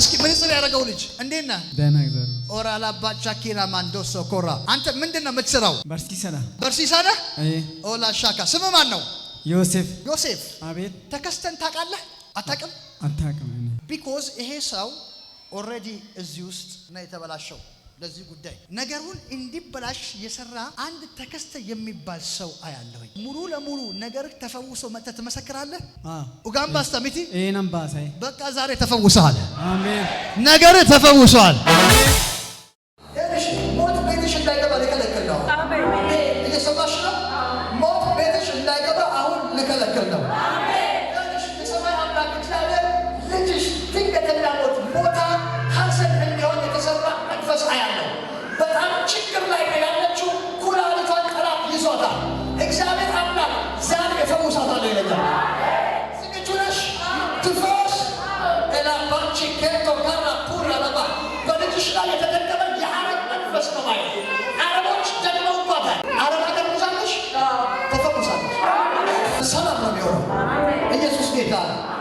እስኪ ምንጽር ያደረገው ልጅ እንዴት ነህ? ደህና ኦራ ኦራላ ባቻኪና ማንዶ ኮራ። አንተ ምንድን ነው የምትሰራው? በርሲሰና በርሲሰና። ኦላ ሻካ። ስም ማን ነው? ዮሴፍ ዮሴፍ። አቤት። ተከስተን ታውቃለህ? አታውቅም? አታውቅም። ቢኮዝ ይሄ ሰው ኦልሬዲ እዚህ ውስጥ ነው የተበላሸው። ለዚህ ጉዳይ ነገሩን እንዲበላሽ የሰራ አንድ ተከስተ የሚባል ሰው አያለሁ። ሙሉ ለሙሉ ነገር ተፈውሶ መጥተህ ትመሰክራለህ። ኡጋምባስታ ሚቲ ኤናምባሳይ በቃ ዛሬ ተፈውሰሃል። ነገር ተፈውሷል። ሞት ቤትሽ እንዳይገባ አሁን ነው። ፈውሷታል። እግዚአብሔር አምላክ ዛሬ እፈውሳታለሁ ይለኛል። ዝግጁ ነሽ? ትፈወስ ላባንቺ ጌቶ ጋራ ፑር አለባ በልጅሽ ላይ የተደገመ የአረብ መንፈስ ነማይ አረቦች ደግመውባታል። አረብ ሀገር ጉዛለሽ ተፈውሳለች። ሰላም ነው የሚሆነው። ኢየሱስ ጌታ